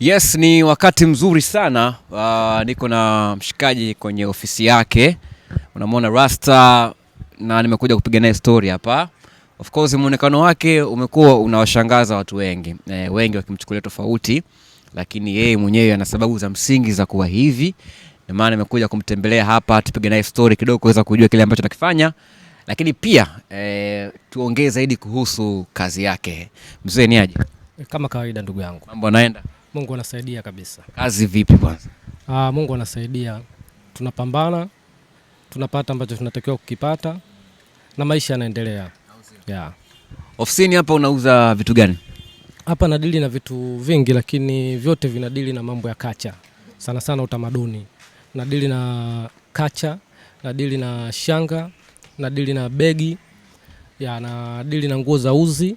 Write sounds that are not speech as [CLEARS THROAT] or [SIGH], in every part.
Yes, ni wakati mzuri sana uh, niko na mshikaji kwenye ofisi yake, unamwona Rasta na nimekuja kupiga naye story hapa. Of course muonekano wake umekuwa unawashangaza watu wengi e, wengi wakimchukulia tofauti, lakini yeye mwenyewe ana sababu za msingi za kuwa hivi. Ndio maana nimekuja kumtembelea hapa tupige naye story kidogo kuweza kujua kile ambacho anakifanya, lakini pia e, tuongee zaidi kuhusu kazi yake. Mzee ni aje? Kama kawaida ndugu yangu, mambo yanaenda Mungu anasaidia kabisa. Kazi vipi kwanza? Ah, Mungu anasaidia, tunapambana, tunapata ambacho tunatakiwa kukipata na maisha yanaendelea. Yeah. Ofisini hapa unauza vitu gani? Hapa nadili na vitu vingi, lakini vyote vinadili na mambo ya kacha, sana sana utamaduni. Nadili na kacha, nadili na shanga, nadili na begi ya, nadili na nguo za uzi.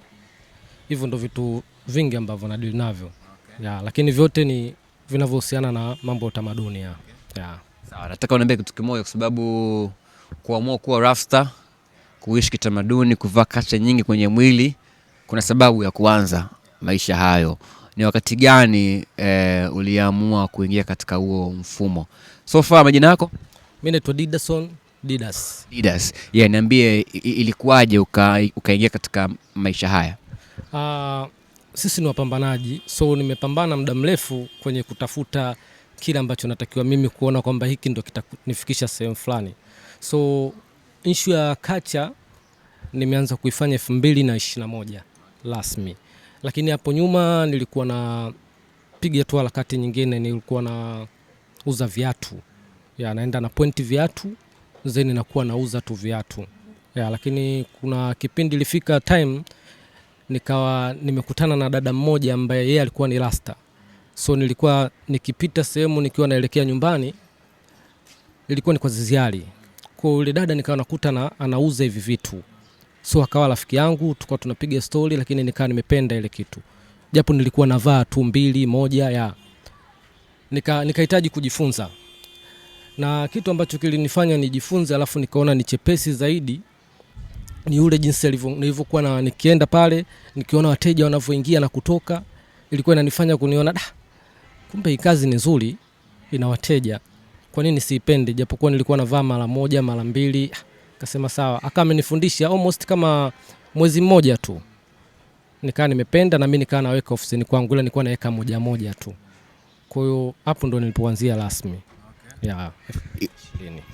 Hivyo ndo vitu vingi ambavyo nadili navyo yeah, lakini vyote ni vinavyohusiana na mambo ya utamaduni yeah. yeah. nataka uniambie kitu kimoja kwa sababu kuamua kuwa rasta, kuishi kitamaduni, kuvaa kacha nyingi kwenye mwili, kuna sababu ya kuanza maisha hayo. Ni wakati gani eh, uliamua kuingia katika huo mfumo? So far majina yako? Mimi naitwa Didason Didas. Didas. Yeah, niambie ilikuwaje ukaingia uka katika maisha haya? Uh, sisi ni wapambanaji, so nimepambana muda mrefu kwenye kutafuta kile ambacho natakiwa mimi kuona kwamba hiki ndo kitanifikisha sehemu fulani. So ishu ya kacha nimeanza kuifanya elfu mbili na ishirini na moja rasmi, lakini hapo nyuma nilikuwa piga tu harakati nyingine, nilikuwa uza viatu, naenda na pointi viatu zeni nakuwa nauza tu viatu ya, lakini kuna kipindi ilifika time nikawa nimekutana na dada mmoja ambaye yeye alikuwa ni rasta. So nilikuwa nikipita sehemu nikiwa naelekea nyumbani, ilikuwa ni kwa ziziari. Kwa yule dada nikawa nakuta na anauza hivi vitu, so akawa rafiki yangu, tukawa tunapiga stori, lakini nikawa nimependa ile kitu, japo nilikuwa navaa tu mbili moja ya nikahitaji nika kujifunza, na kitu ambacho kilinifanya nijifunze, alafu nikaona ni chepesi zaidi ni yule jinsi nilivyokuwa na nikienda pale nikiona wateja wanavyoingia na kutoka, ilikuwa inanifanya kuniona da, kumbe hii kazi ni nzuri, ina wateja, kwa nini siipende? Japokuwa nilikuwa navaa mara moja mara mbili, akasema ah, sawa, akawa amenifundisha almost kama mwezi mmoja tu, nikawa nimependa, na mimi nikawa naweka ofisini kwangu, ila nilikuwa naweka moja moja tu. Kwa hiyo hapo ndo nilipoanzia rasmi. Yeah.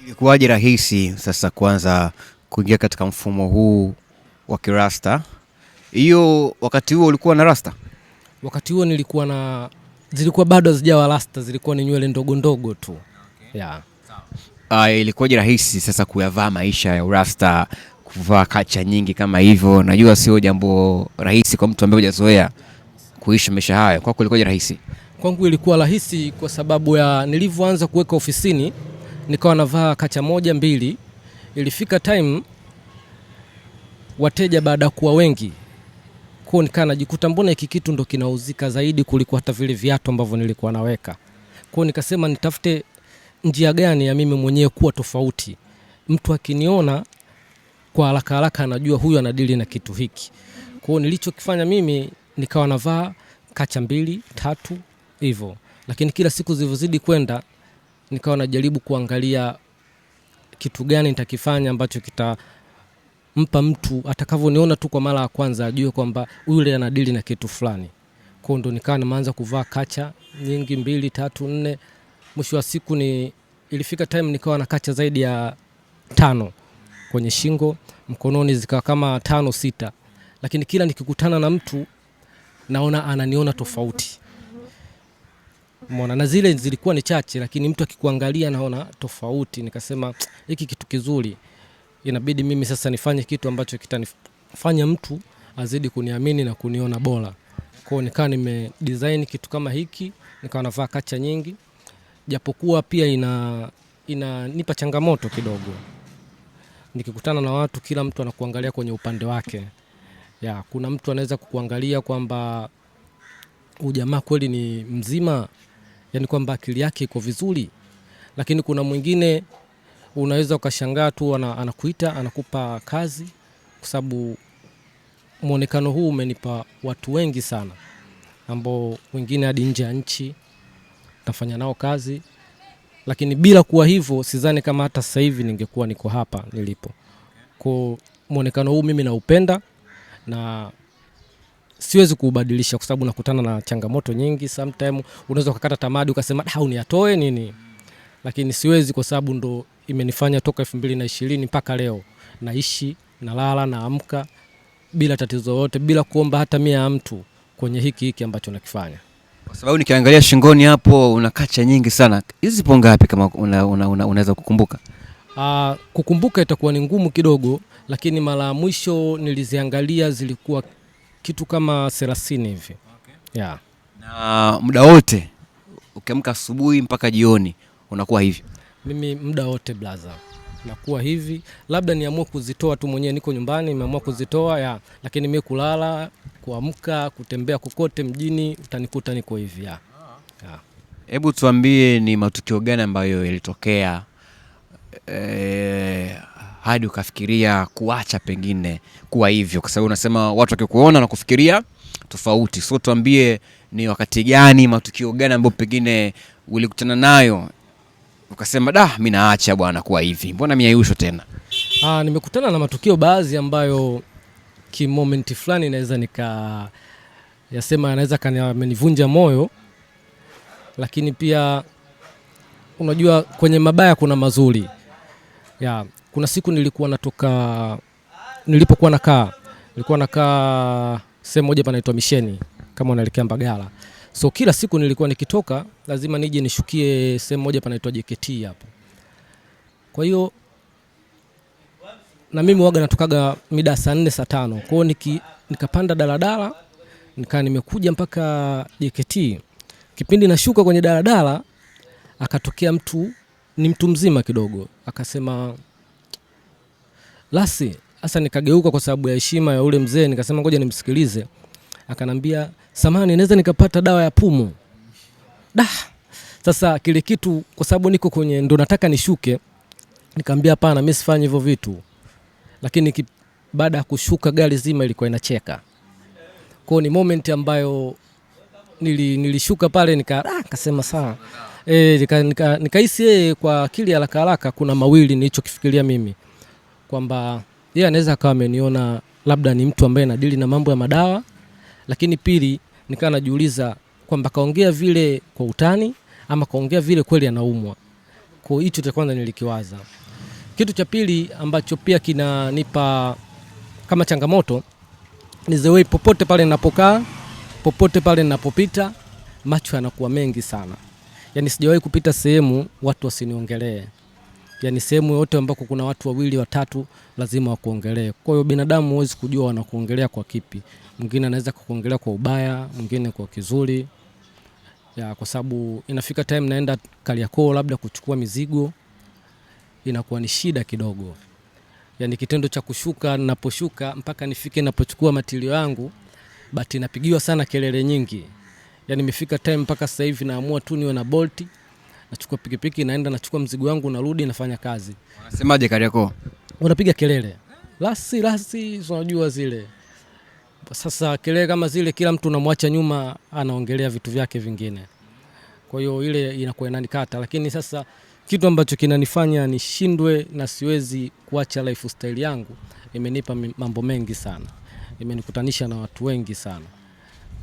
Ilikuwaje rahisi sasa kuanza kuingia katika mfumo huu wa kirasta. Hiyo wakati huo ulikuwa na rasta? Wakati huo nilikuwa na, zilikuwa bado hazijawa rasta, zilikuwa ni nywele ndogo ndogo tu. Okay. Yeah. Uh, ilikuwaje rahisi sasa kuyavaa maisha ya urasta, kuvaa kacha nyingi kama hivyo? Najua sio jambo rahisi kwa mtu ambaye hujazoea kuishi maisha hayo. Kwako ilikuwaje rahisi? Kwangu ilikuwa rahisi kwa sababu ya nilivyoanza kuweka ofisini, nikawa navaa kacha moja mbili Ilifika time wateja baada ya kuwa wengi kwa nikaa najikuta mbona hiki kitu ndo kinauzika zaidi kuliko hata vile viatu ambavyo nilikuwa naweka. Kwa nikasema nitafute njia gani ya mimi mwenyewe kuwa tofauti, mtu akiniona kwa haraka haraka anajua huyu anadili na kitu hiki. Kwa nilichokifanya mimi nikawa navaa kacha mbili tatu hivyo, lakini kila siku zilivyozidi kwenda nikawa najaribu kuangalia kitu gani nitakifanya ambacho kitampa mtu atakavyoniona tu kwa mara ya kwanza ajue kwamba yule anadili na kitu fulani. Kwa ndo nikawa nimeanza kuvaa kacha nyingi, mbili tatu nne. Mwisho wa siku ni ilifika time nikawa na kacha zaidi ya tano kwenye shingo, mkononi zikawa kama tano sita, lakini kila nikikutana na mtu naona ananiona tofauti. Umeona, na zile zilikuwa ni chache, lakini mtu akikuangalia anaona tofauti, nikasema hiki kitu kizuri, inabidi mimi sasa nifanye kitu ambacho kitanifanya mtu azidi kuniamini na kuniona bora. Kwa hiyo nikawa nime design kitu kama hiki, nikawa navaa kacha nyingi, japokuwa pia ina inanipa changamoto kidogo, nikikutana na watu, kila mtu anakuangalia kwenye upande wake ya, kuna mtu anaweza kukuangalia kwamba ujamaa kweli ni mzima yani kwamba akili yake iko vizuri, lakini kuna mwingine unaweza ukashangaa tu anakuita anakupa kazi, kwa sababu mwonekano huu umenipa watu wengi sana, ambao wengine hadi nje ya nchi tafanya nao kazi, lakini bila kuwa hivyo sidhani kama hata sasa hivi ningekuwa niko hapa nilipo. Kwa mwonekano huu mimi naupenda na siwezi kuubadilisha kwa sababu nakutana na changamoto nyingi. Sometime unaweza ukakata tamadi ukasema dau ah, niatoe nini, lakini siwezi kwa sababu ndo imenifanya toka elfu mbili na ishirini mpaka leo naishi nalala naamka bila tatizo yote, bila kuomba hata mia ya mtu kwenye hiki hiki ambacho nakifanya, kwa sababu nikiangalia shingoni hapo una kacha nyingi sana. Hizi zipo ngapi kama unaweza una, una, una kukumbuka? Aa, ah, kukumbuka itakuwa ni ngumu kidogo, lakini mara ya mwisho niliziangalia zilikuwa kitu kama 30 hivi okay. yeah. na muda wote ukiamka asubuhi mpaka jioni unakuwa hivi? Mimi muda wote blaza nakuwa hivi, labda niamue kuzitoa tu mwenyewe, niko nyumbani nimeamua kuzitoa ya, lakini mimi kulala, kuamka, kutembea kokote mjini utanikuta niko hivi ya. ya. Hebu tuambie ni matukio gani ambayo yalitokea e, hadi ukafikiria kuacha pengine kuwa hivyo, kwa sababu unasema watu wakikuona na kufikiria tofauti. So tuambie, ni wakati gani, matukio gani ambayo pengine ulikutana nayo ukasema da, mimi naacha bwana kuwa hivi, mbona miayusho tena? Ah, nimekutana na matukio baadhi ambayo kimomenti fulani naweza nika yasema anaweza kanivunja moyo, lakini pia unajua kwenye mabaya kuna mazuri ya kuna siku nilikuwa natoka, nilipokuwa nakaa, nilikuwa nakaa sehemu moja panaitwa Misheni kama unaelekea Mbagala. So kila siku nilikuwa nikitoka lazima nije nishukie sehemu moja panaitwa JKT hapo. Kwa hiyo na mimi waga natokaga mida saa nne saa tano. Kwa hiyo nikapanda daladala nikaa nimekuja mpaka JKT. Kipindi nashuka kwenye daladala akatokea mtu, ni mtu mzima kidogo, akasema lasi hasa. Nikageuka kwa sababu ya heshima ya ule mzee, nikasema ngoja nimsikilize. Akanambia, samani, naweza nikapata dawa ya pumu da. Sasa kile kitu kwa sababu niko kwenye ndo nataka nishuke, nikamwambia hapana, mimi sifanyi hivyo vitu, lakini baada ya kushuka gari zima ilikuwa inacheka. Kwao ni moment ambayo nili, nilishuka pale ah, nikasema saa eh, nikahisi nika, nika yeye eh, kwa akili haraka haraka, kuna mawili nilichokifikiria mimi kwamba yeye anaweza akawa ameniona labda ni mtu ambaye anadili na mambo ya madawa, lakini pili nikawa najiuliza kwamba kaongea vile kwa utani ama kaongea vile kweli anaumwa. Kwa hicho cha kwanza nilikiwaza. Kitu cha pili ambacho pia kinanipa kama changamoto ni the way, popote pale ninapokaa, popote pale ninapopita, macho yanakuwa mengi sana, yaani sijawahi kupita sehemu watu wasiniongelee yani sehemu yote ambako kuna watu wawili watatu lazima wakuongelee. Kwa hiyo binadamu huwezi kujua wanakuongelea kwa kipi, mwingine anaweza kukuongelea kwa ubaya, mwingine kwa kizuri ya, kwa sababu inafika time naenda Kariakoo labda kuchukua mizigo, inakuwa ni shida kidogo, yani kitendo cha kushuka, naposhuka mpaka nifike napochukua matilio yangu, bati napigiwa sana kelele nyingi, yani imefika time mpaka sasa hivi naamua tu niwe na bolti nachukua pikipiki naenda nachukua mzigo wangu narudi nafanya kazi. Wanasemaje kariako Wanapiga kelele lasi lasi, unajua zile sasa kelele kama zile, kila mtu unamwacha nyuma, anaongelea vitu vyake vingine, kwa hiyo ile inakuwa inanikata. Lakini sasa kitu ambacho kinanifanya nishindwe na siwezi kuacha lifestyle yangu, imenipa mambo mengi sana, imenikutanisha na watu wengi sana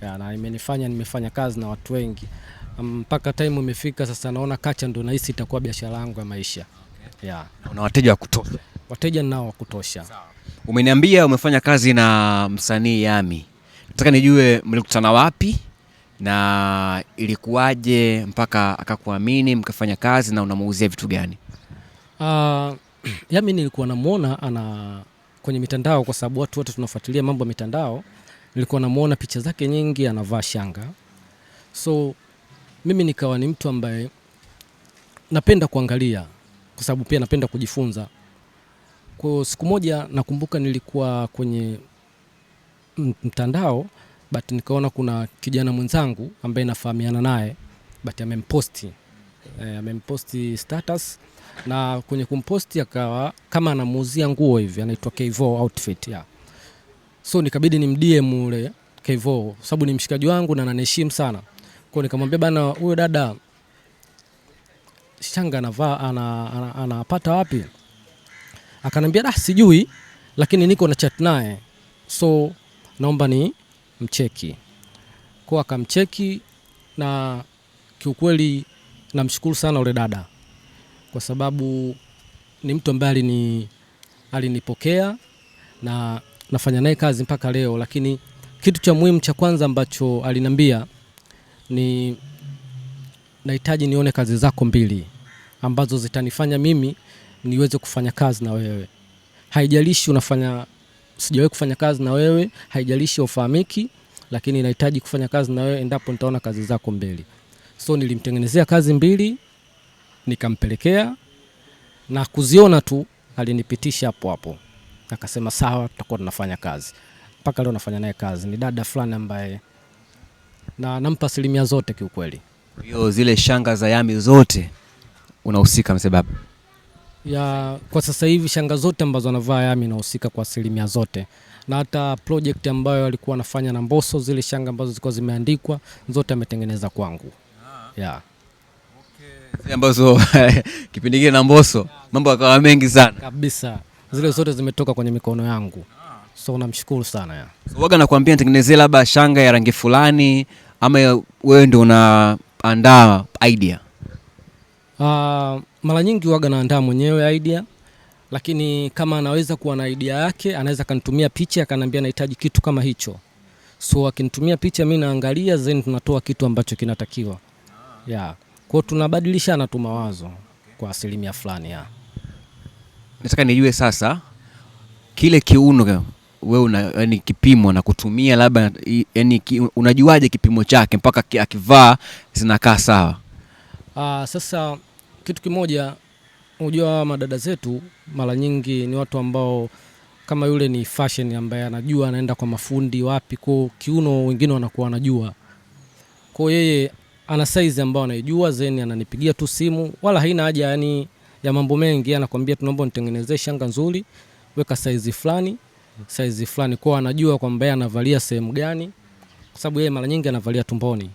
ya, na imenifanya nimefanya kazi na watu wengi mpaka time imefika sasa, naona kacha ndo nahisi itakuwa biashara yangu ya maisha. Okay. Yeah. Una wateja wa kutosha? Wateja nao wa kutosha. Umeniambia umefanya kazi na msanii Yami, nataka nijue mlikutana wapi na ilikuwaje mpaka akakuamini mkafanya kazi na unamuuzia vitu gani? Uh, [CLEARS THROAT] Yami nilikuwa namuona ana kwenye mitandao, kwa sababu watu wote tunafuatilia mambo ya mitandao. Nilikuwa namuona picha zake nyingi, anavaa shanga so mimi nikawa ni mtu ambaye napenda kuangalia kwa sababu pia napenda kujifunza. Kwa siku moja nakumbuka nilikuwa kwenye mtandao but nikaona kuna kijana mwenzangu ambaye nafahamiana naye but amemposti e, amemposti status na kwenye kumposti akawa kama anamuuzia nguo hivi, anaitwa Kevo Outfit ya. So nikabidi ni mdm ule Kevo sababu ni mshikaji wangu na ananiheshimu sana kwa nikamwambia bana, huyo dada shanga anavaa anapata ana, ana, ana, wapi? Akanambia da, ah, sijui lakini niko na chat naye, so naomba ni mcheki kwa. Akamcheki na kiukweli, namshukuru sana ule dada kwa sababu ni mtu ambaye alini alinipokea na nafanya naye kazi mpaka leo, lakini kitu cha muhimu cha kwanza ambacho alinambia ni nahitaji nione kazi zako mbili ambazo zitanifanya mimi niweze kufanya kazi na wewe. Haijalishi unafanya sijawahi kufanya kazi na wewe, haijalishi ufahamiki, lakini nahitaji kufanya kazi na wewe endapo nitaona kazi zako mbili. So nilimtengenezea kazi mbili nikampelekea, na kuziona tu alinipitisha hapo hapo, akasema sawa, tutakuwa tunafanya kazi. Mpaka leo nafanya naye kazi. Ni dada fulani ambaye na nampa asilimia zote kiukweli. Hiyo zile shanga za Yami zote unahusika mzee baba? Ya, kwa sasa hivi shanga zote ambazo anavaa Yami inahusika kwa asilimia zote, na hata project ambayo alikuwa anafanya na Mbosso, zile shanga ambazo zilikuwa zimeandikwa zote ametengeneza kwangu ah. ya zile ambazo [LAUGHS] kipindi kile na Mbosso mambo yakawa mengi sana kabisa, zile zote zimetoka kwenye mikono yangu so namshukuru sana ya. So, waga nakwambia nitengenezee labda shanga ya rangi fulani ama wewe ndio unaandaa idea? Uh, mara nyingi waga naandaa mwenyewe idea, lakini kama anaweza kuwa na idea yake anaweza akanitumia picha akanambia nahitaji kitu kama hicho, so akinitumia picha mi naangalia then tunatoa kitu ambacho kinatakiwa yeah. Kwao tunabadilishana tu mawazo kwa asilimia fulani. Nataka nijue sasa kile kiuno we una yani kipimo na kutumia labda yani ki, unajuaje kipimo chake mpaka akivaa zinakaa sawa? Aa, ah, sasa kitu kimoja unajua, madada zetu mara nyingi ni watu ambao kama yule ni fashion ambaye anajua anaenda kwa mafundi wapi, kwa kiuno wengine wanakuwa wanajua, kwa yeye ana size ambayo anaijua, zeni ananipigia tu simu, wala haina haja yani ya mambo mengi, anakuambia tunaomba nitengenezee shanga nzuri, weka size fulani saizi fulani, kwao, anajua kwamba yeye anavalia sehemu gani, kwa sababu yeye mara nyingi anavalia tumboni.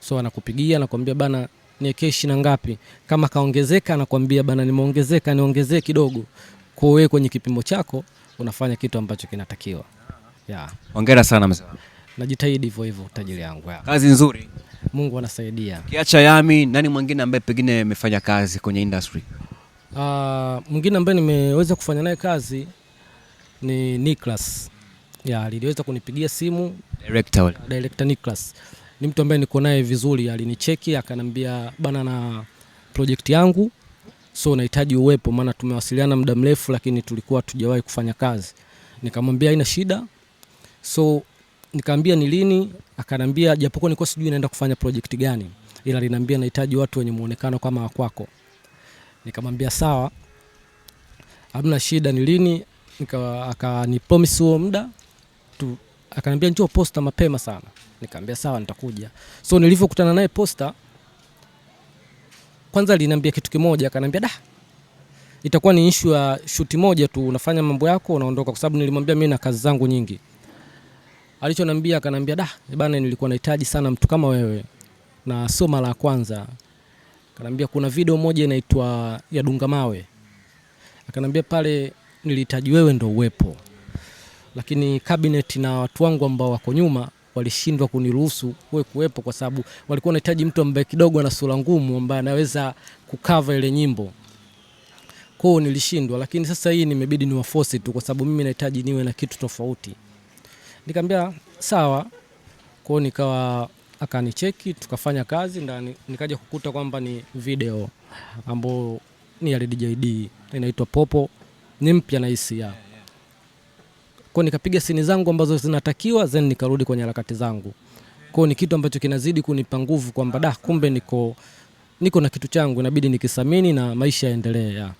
So anakupigia anakwambia bana niwekee na ngapi, kama kaongezeka anakuambia bana nimeongezeka, niongezee kidogo. Kwa wewe kwenye kipimo chako unafanya kitu ambacho kinatakiwa. Yeah. Hongera sana mzee. Najitahidi hivyo hivyo tajiri yangu. Yeah. Kazi nzuri. Mungu anasaidia. Kiacha Yami, nani mwingine ambaye pengine amefanya kazi kwenye industry? Uh, mwingine ambaye nimeweza kufanya naye kazi ni Nicholas. Ya, aliweza kunipigia simu director, director Nicholas. Ni mtu ambaye niko naye vizuri, alinicheki akanambia bana, na project yangu so nahitaji uwepo, maana tumewasiliana muda mrefu, lakini tulikuwa tujawahi kufanya kazi. Nikamwambia haina shida, so nikaambia ni lini, akanambia japokuwa nilikuwa sijui naenda kufanya project gani, ila aliniambia nahitaji watu wenye muonekano kama wakwako. Nikamwambia sawa, hamna shida, ni lini? akani promise huo muda tu, akaniambia njoo posta mapema sana. Nikamwambia sawa, nitakuja. So nilivyokutana naye posta, kwanza aliniambia kitu kimoja, akaniambia da, itakuwa ni issue ya shuti moja tu, unafanya mambo yako unaondoka, kwa sababu nilimwambia mimi na kazi zangu nyingi. Alichoniambia akaniambia da bana, nilikuwa nahitaji sana mtu kama wewe, na sio mara ya kwanza. Akaniambia kuna video moja inaitwa ya Dunga Mawe, akaniambia pale nilihitaji wewe ndo uwepo, lakini cabinet na watu wangu ambao wako nyuma walishindwa kuniruhusu wewe kuwepo, kwa sababu walikuwa wanahitaji mtu ambaye kidogo ana sura ngumu, ambaye anaweza kukava ile nyimbo kwao, nilishindwa. Lakini sasa hii nimebidi niwaforce tu, kwa sababu mimi nahitaji niwe na kitu tofauti. Nikamwambia sawa, kwao nikawa akanicheki tukafanya kazi na nikaja kukuta kwamba ni video ambayo ni ya DJD inaitwa Popo ni mpya na hisia yeah, yeah. Kwa nikapiga sini zangu ambazo zinatakiwa then nikarudi kwenye harakati zangu. Kwa ni kitu ambacho kinazidi kunipa nguvu kwamba da, kumbe niko niko na kitu changu, inabidi nikisamini na maisha yaendelee ya.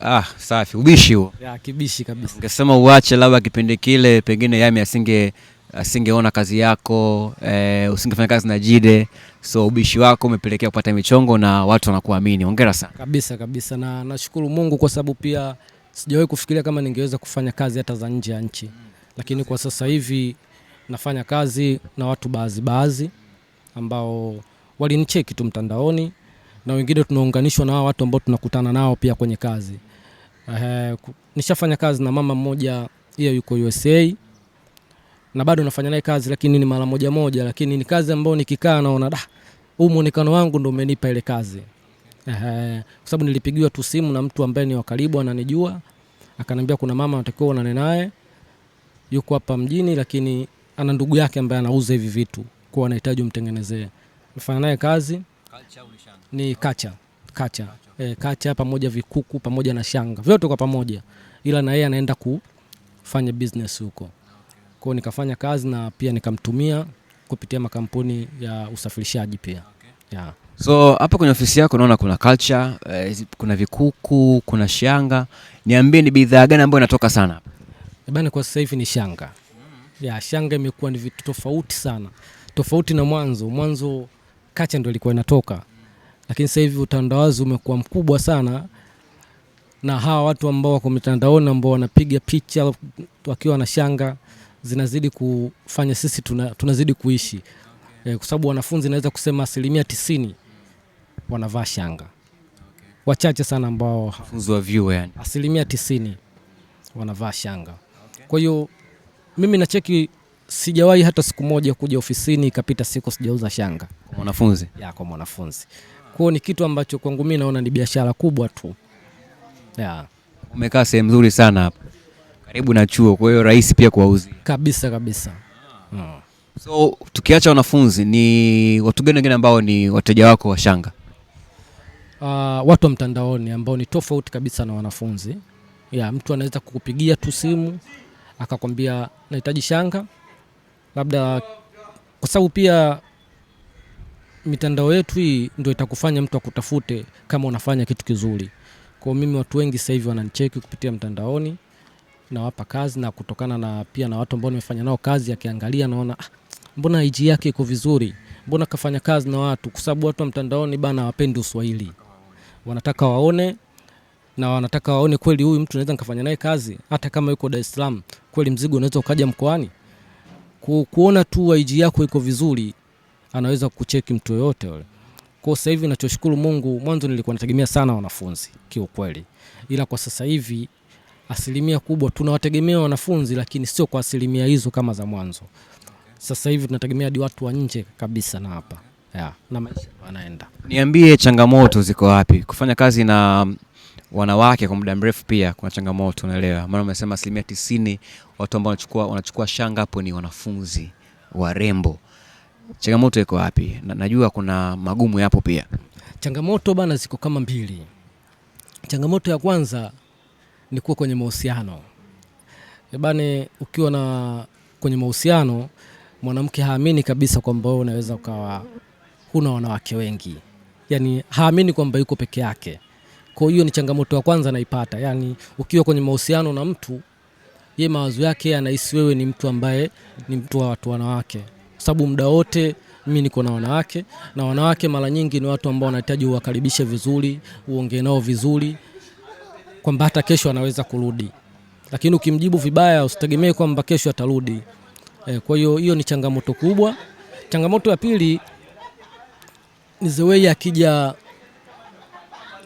Ah, safi. Ubishi huo. Ya, kibishi kabisa. Ungesema uache labda kipindi kile pengine Yami asinge asingeona kazi yako eh, usingefanya kazi na Jide, so ubishi wako umepelekea kupata michongo na watu wanakuamini. Hongera sana. Kabisa kabisa, na nashukuru Mungu kwa sababu pia sijawahi kufikiria kama ningeweza kufanya kazi hata za nje ya nchi, lakini kwa sasa hivi nafanya kazi na watu baadhi baadhi ambao walinicheki tu mtandaoni na wengine tunaunganishwa na watu ambao tunakutana nao pia kwenye kazi. Ehe, nishafanya kazi na mama mmoja, yeye yuko USA na bado nafanya naye kazi, lakini ni mara moja moja, lakini ni kazi ambayo nikikaa naona da, huu muonekano wangu ndio umenipa ile kazi kwa sababu nilipigiwa tu simu na mtu ambaye ni wa karibu ananijua, akaniambia kuna mama anatakiwa uonane naye, yuko hapa mjini, lakini ana ndugu yake ambaye anauza hivi vitu, kwa anahitaji umtengenezee. Nifanya naye kazi ni kacha kacha e, kacha pamoja vikuku pamoja na shanga vyote kwa pamoja, ila na yeye anaenda kufanya business huko kwao. Nikafanya kazi na pia nikamtumia kupitia makampuni ya usafirishaji pia, okay. yeah. So hapa kwenye ofisi yako naona kuna culture, eh, kuna vikuku, kuna shanga. Niambie ni bidhaa gani ambayo inatoka sana hapa? Bana, kwa sasa hivi ni shanga. Ya, shanga imekuwa ni vitu tofauti sana, tofauti na mwanzo. Mwanzo kacha ndio ilikuwa inatoka, lakini sasa hivi utandawazi umekuwa mkubwa sana, na hawa watu ambao wako mitandaoni ambao wanapiga picha wakiwa na shanga zinazidi kufanya sisi tuna, tunazidi kuishi eh, kwa sababu wanafunzi naweza kusema asilimia tisini wanavaa shanga okay. Wachache sana ambao yani. Asilimia tisini wanavaa shanga okay. Kwa hiyo mimi nacheki, sijawahi hata siku moja kuja ofisini ikapita siku sijauza shanga kwa mwanafunzi ya kwa mwanafunzi. kwao ni kitu ambacho kwangu mi naona ni biashara kubwa tu ya. Umekaa sehemu nzuri sana hapa karibu na chuo, kwa hiyo rahisi pia kuwauzi kabisa kabisa hmm. So tukiacha wanafunzi, ni watu gani wengine ambao ni wateja wako wa shanga? uh, watu wa mtandaoni ambao ni tofauti kabisa na wanafunzi ya, mtu anaweza kukupigia tu simu akakwambia nahitaji shanga labda, kwa sababu pia mitandao yetu hii ndio itakufanya mtu akutafute kama unafanya kitu kizuri. Kwa mimi watu wengi sasa hivi wananicheki kupitia mtandaoni, nawapa kazi na kutokana na pia na watu ambao nimefanya nao kazi, akiangalia naona ah, mbona IG yake iko vizuri, mbona kafanya kazi na watu, kwa sababu watu wa mtandaoni bana hawapendi Uswahili wanataka waone na wanataka waone kweli huyu mtu naweza nikafanya naye kazi hata kama yuko Dar es Salaam, kweli mzigo unaweza ukaja mkoani. Kuona tu IG yako iko vizuri, anaweza kucheki mtu yoyote yule. Kwa sasa hivi ninachoshukuru Mungu, mwanzo nilikuwa nategemea sana wanafunzi kiukweli, ila kwa sasa hivi asilimia kubwa tunawategemea wanafunzi, lakini sio kwa asilimia hizo kama za mwanzo. Sasa hivi tunategemea hadi watu wa nje kabisa na hapa yeah, na maisha wanaenda. Niambie changamoto ziko wapi? Kufanya kazi na wanawake kwa muda mrefu pia kuna changamoto, unaelewa? Maana umesema asilimia tisini watu ambao wanachukua, wanachukua shanga hapo ni wanafunzi warembo. Changamoto iko wapi? Na, najua kuna magumu yapo pia. Changamoto bana, ziko kama mbili. Changamoto ya kwanza ni kuwa kwenye mahusiano e bana, ukiwa na kwenye mahusiano mwanamke haamini kabisa kwamba wewe unaweza ukawa huna wanawake wengi, yani haamini kwamba yuko peke yake. Kwa hiyo ni changamoto ya kwanza naipata, yani ukiwa kwenye mahusiano na mtu, ye mawazo yake anahisi wewe ni mtu ambaye ni mtu wa watu wanawake, kwa sababu muda wote mimi niko na wanawake na wanawake mara nyingi ni watu ambao wanahitaji uwakaribishe vizuri, uongee nao vizuri, kwamba hata kesho anaweza kurudi, lakini ukimjibu vibaya usitegemee kwamba kesho atarudi. E, kwa hiyo hiyo ni changamoto kubwa. Changamoto ya pili Nizewei akija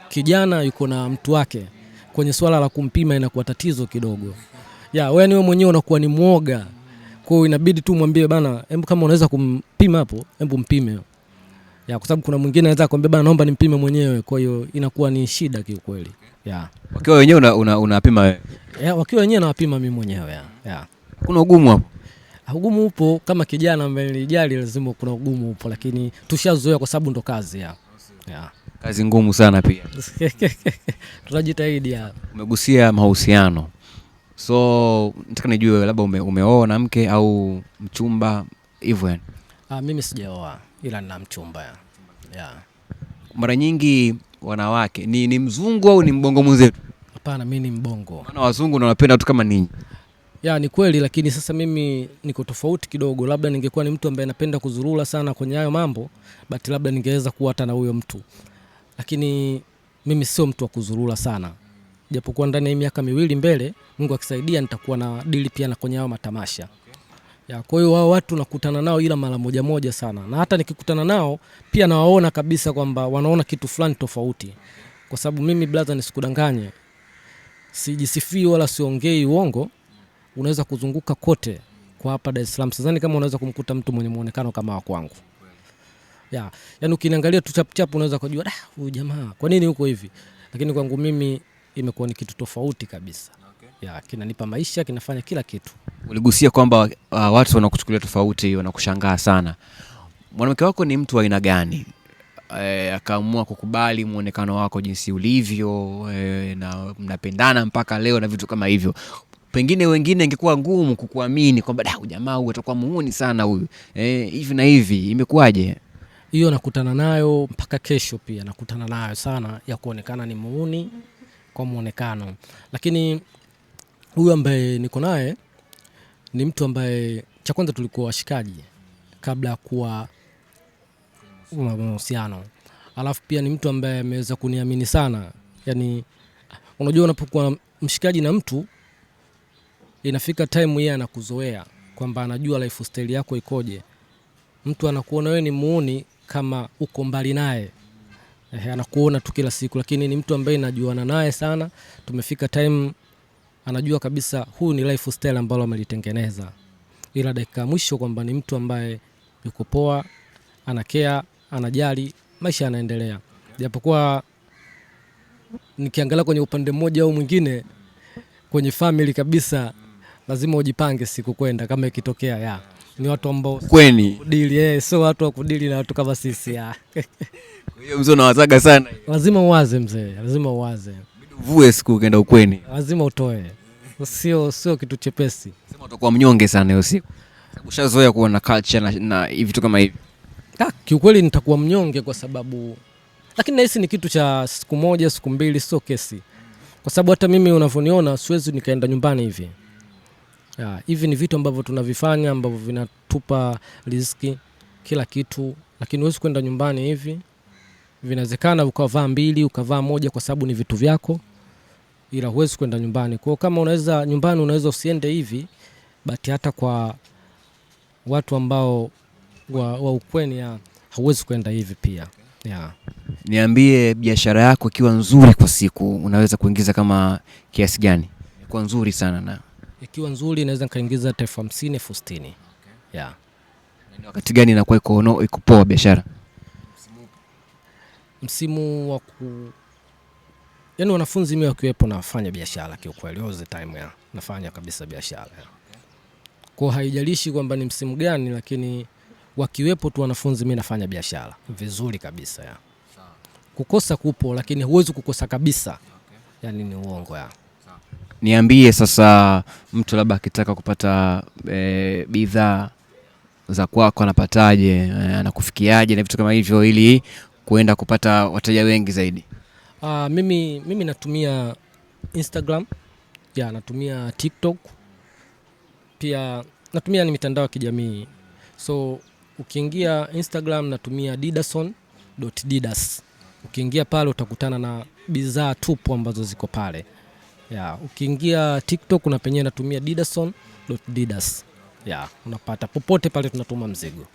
kijana yuko na mtu wake kwenye swala la kumpima inakuwa tatizo kidogo. Ya, wewe ni wewe mwenyewe unakuwa ni mwoga. Kwa hiyo inabidi tu mwambie bana, hebu kama unaweza kumpima hapo, hebu mpime. Ya, kwa sababu kuna mwingine anaweza kumwambia bana, naomba nimpime mwenyewe. Kwa hiyo inakuwa ni shida kiukweli. Ya. Wakiwa wenyewe unapima una, una wewe. Ya, wakiwa wenyewe nawapima mimi mwenyewe ya. Ya. Kuna ugumu hapo ugumu upo kama kijana ambaye nilijali, lazima kuna ugumu upo, lakini tushazoea kwa sababu ndo kazi ya. Ya. Kazi ngumu sana pia [LAUGHS] tunajitahidi. Umegusia mahusiano, so nataka nijue labda ume, umeoa na mke au mchumba hivyo yani? Ah, mimi sijaoa ila nina mchumba Mara nyingi wanawake ni, ni mzungu au ni mbongo mwenzetu? Hapana, mi ni mbongo, maana wazungu na wanapenda kama ninyi ya, ni kweli lakini sasa mimi niko tofauti kidogo, labda ningekuwa ni mtu ambaye anapenda kuzurura sana kwenye hayo mambo, but labda ningeweza kuwa hata na huyo mtu, lakini mimi sio mtu wa kuzurura sana, japokuwa ndani ya miaka miwili mbele, Mungu akisaidia, nitakuwa na dili pia na kwenye hayo matamasha ya. Kwa hiyo wao watu nakutana nao ila mara moja moja sana, na hata nikikutana nao pia nawaona kabisa kwamba wanaona kitu fulani tofauti, kwa sababu mimi brother, nisikudanganye, sijisifii wala siongei uongo unaweza kuzunguka kote kwa hapa Dar es Salaam, sidhani kama unaweza kumkuta mtu mwenye muonekano kama wa kwangu ya yani, ukiniangalia tu chap chap unaweza kujua da, ah, huyu jamaa kwa nini yuko hivi, lakini kwangu mimi imekuwa ni kitu tofauti kabisa. Okay. Ya kinanipa maisha, kinafanya kila kitu. Uligusia kwamba uh, watu wanakuchukulia tofauti, wanakushangaa sana. Mwanamke wako ni mtu wa aina gani? E, akaamua kukubali muonekano wako jinsi ulivyo, e, na mnapendana mpaka leo na vitu kama hivyo. Pengine wengine ingekuwa ngumu kukuamini kwamba da, ah, jamaa huyu atakuwa muuni sana huyu eh, hivi na hivi. Imekuwaje hiyo? Nakutana nayo mpaka kesho, pia nakutana nayo sana ya kuonekana ni muuni kwa muonekano, lakini huyu ambaye niko naye ni mtu ambaye cha kwanza tulikuwa washikaji kabla ya kuwa mahusiano, alafu pia ni mtu ambaye ameweza kuniamini sana. Yani unajua unapokuwa mshikaji na mtu inafika time yeye anakuzoea kwamba anajua lifestyle yako ikoje. Mtu anakuona wewe ni muuni kama uko mbali naye eh, anakuona tu kila siku, lakini ni mtu ambaye najuana naye sana. Tumefika time anajua kabisa huu ni lifestyle ambalo amelitengeneza, ila dakika mwisho kwamba ni mtu ambaye yuko poa, anakea, anajali, maisha yanaendelea, japokuwa nikiangalia kwenye upande mmoja au mwingine kwenye family kabisa lazima ujipange siku kwenda kama ikitokea ya ni watu ambao kweni kudili eh, sio watu wa kudili na watu kama sisi ya. [LAUGHS] Kwa hiyo mzee unawazaga sana, lazima uwaze mzee, lazima uwaze vue siku ukenda ukweni, lazima utoe, sio sio kitu chepesi. Sema utakuwa mnyonge sana hiyo siku, ushazoea kuona culture na, na hivi tu kama hivi. Ah, kiukweli nitakuwa mnyonge kwa sababu, lakini nahisi ni kitu cha siku moja siku mbili, sio kesi, kwa sababu hata mimi unavyoniona siwezi nikaenda nyumbani hivi Hivi ni vitu ambavyo tunavifanya ambavyo vinatupa riziki kila kitu, lakini huwezi kwenda nyumbani hivi. Vinawezekana ukavaa mbili ukavaa moja kwa sababu ni vitu vyako, ila huwezi kwenda nyumbani kwao. Kama unaweza nyumbani, unaweza usiende hivi, bati hata kwa watu ambao wa, wa ukweni ya hauwezi kwenda hivi pia yeah. Niambie, biashara yako ikiwa nzuri kwa siku unaweza kuingiza kama kiasi gani? Kwa nzuri sana na ikiwa nzuri naweza nikaingiza hata elfu hamsini elfu sitini okay. wakati gani inakuwa iko no, iko poa biashara? Msimu wa ku yani wanafunzi mimi wakiwepo nafanya biashara kiukweli, all the time ya nafanya kabisa biashara ya kwa haijalishi kwamba ni msimu gani, lakini wakiwepo tu wanafunzi mimi nafanya biashara vizuri kabisa ya. Kukosa kupo, lakini huwezi kukosa kabisa, yani ni uongo ya Niambie sasa, mtu labda akitaka kupata e, bidhaa za kwako anapataje? E, anakufikiaje na vitu kama hivyo, ili kuenda kupata wateja wengi zaidi? Uh, mimi, mimi natumia Instagram ya natumia TikTok pia natumia ni mitandao ya kijamii so ukiingia Instagram natumia didason.didas. Ukiingia pale utakutana na bidhaa tupu ambazo ziko pale. Yeah, ukiingia TikTok una penye natumia didason didas Yeah, unapata popote pale tunatuma mzigo.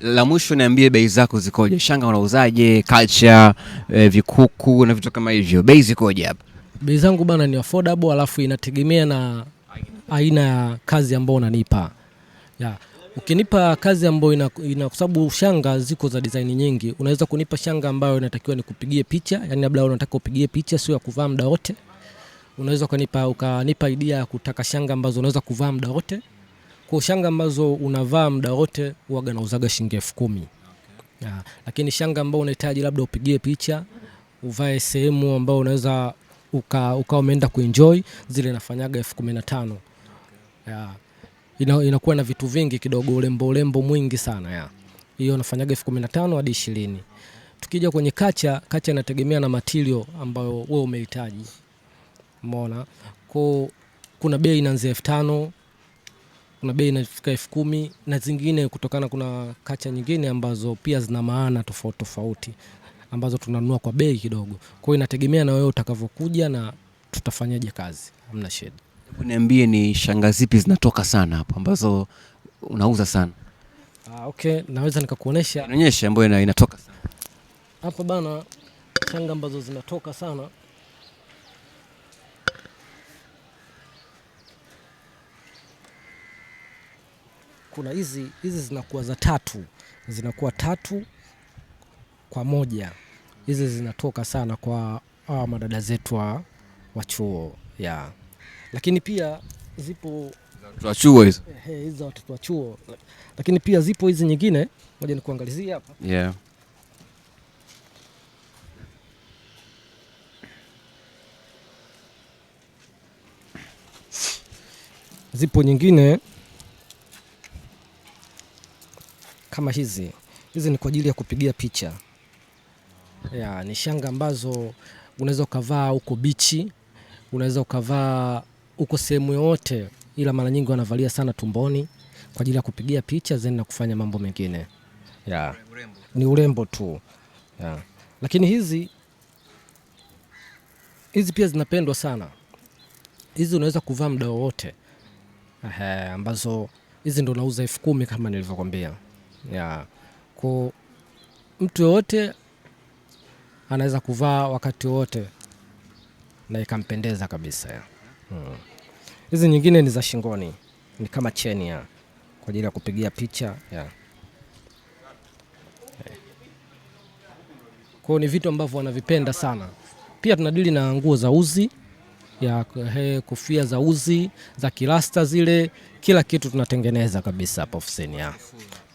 La mwisho niambie bei zako zikoje? Shanga unauzaje? Culture, eh, vikuku na vitu kama hivyo. Bei zikoje hapa? Bei zangu bana ni affordable alafu inategemea na aina ya kazi ambayo unanipa. Yeah. Ukinipa kazi ambayo ina, ina kwa sababu shanga ziko za design nyingi, unaweza kunipa shanga ambayo inatakiwa nikupigie picha, yani labda unataka upigie picha sio ya kuvaa muda wote unaweza ukanipa ukanipa idea ya kutaka shanga ambazo unaweza kuvaa muda wote. Kwa shanga ambazo unavaa muda wote huaga nauzaga shilingi elfu kumi. Okay. Ah, lakini shanga ambayo unahitaji labda upigie picha, uvae sehemu ambayo unaweza uka ukawa umeenda kuenjoy zile nafanyaga elfu kumi na tano. Okay. Ah, ina, inakuwa na vitu vingi kidogo, urembo urembo mwingi sana ya. Hiyo nafanyaga elfu kumi na tano hadi ishirini. Tukija kwenye kacha, kacha inategemea na material ambayo wewe umehitaji. Umeona? Kwa kuna bei inaanzia elfu tano kuna bei inafika elfu kumi na zingine kutokana, kuna kacha nyingine ambazo pia zina maana tofauti tofauti ambazo tunanunua kwa bei kidogo. Kwa hiyo inategemea na wewe utakavyokuja na tutafanyaje kazi, hamna shida. Niambie, ni shanga zipi zinatoka sana hapo ambazo unauza sana? Ah, okay, naweza nikakuonesha, nionyeshe ambayo inatoka sana hapa bana. Shanga ambazo zinatoka sana kuna hizi hizi zinakuwa za tatu, zinakuwa tatu kwa moja. Hizi zinatoka sana kwa hawa ah, madada zetu wa chuo ya Lakini pia zipo hizo eh, eh, za watoto wa chuo, lakini pia zipo hizi nyingine, ngoja nikuangalizie hapa yeah. zipo nyingine kama hizi hizi ni kwa ajili ya kupigia picha ya, ni shanga ambazo unaweza ukavaa huko bichi, unaweza ukavaa huko sehemu yoyote, ila mara nyingi wanavalia sana tumboni kwa ajili ya kupigia picha zeni na kufanya mambo mengine ya, ni urembo tu ya. Lakini hizi hizi pia zinapendwa sana hizi, unaweza kuvaa muda wowote ambazo hizi ndo nauza elfu kumi kama nilivyokwambia ya ko mtu yoyote anaweza kuvaa wakati wote na ikampendeza kabisa hmm. hizi hmm. Nyingine ni za shingoni, ni kama cheni ya kwa ajili ya kupigia picha ya Kwa ni vitu ambavyo wanavipenda sana. Pia tunadili na nguo za uzi ya he, kofia za uzi za kilasta zile, kila kitu tunatengeneza kabisa hapa ofisini ya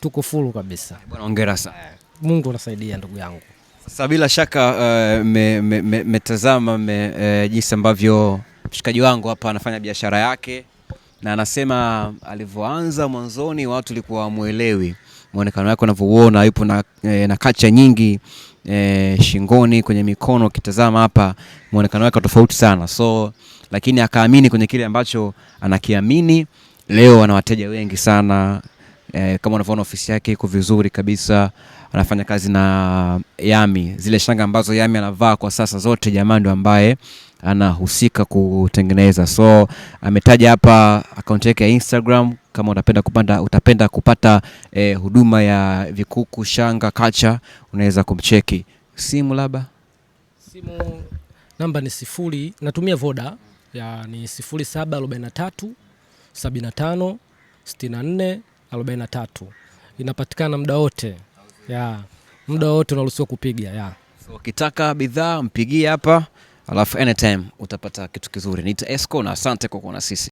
tuko fulu kabisa. Bwana hongera sana, eh, Mungu anasaidia ndugu yangu. Sasa bila shaka mmetazama uh, me, me, me, uh, jinsi ambavyo mshikaji wangu hapa anafanya biashara yake na anasema alivyoanza mwanzoni watu walikuwa wamwelewi muonekano wake unavyouona, yupo na, e, na kacha nyingi e, shingoni, kwenye mikono. Ukitazama hapa muonekano wake tofauti sana, so lakini akaamini kwenye kile ambacho anakiamini. Leo ana wateja wengi sana e, kama unavyoona ofisi yake iko vizuri kabisa. Anafanya kazi na Yami, zile shanga ambazo Yami anavaa kwa sasa zote, jamani, ndio ambaye anahusika kutengeneza. So ametaja hapa akaunti yake ya Instagram kama utapenda kupanda, utapenda kupata eh, huduma ya vikuku, shanga, kacha, unaweza kumcheki. Simu labda simu namba ni sifuri, natumia Voda ya ni sifuri saba arobaini na tatu sabini na tano sitini na nne arobaini na tatu. Inapatikana muda wote ya muda wote unaruhusiwa kupiga ya. So ukitaka bidhaa mpigie hapa alafu anytime utapata kitu kizuri. Nita Esco na asante kwa kuwa na sisi.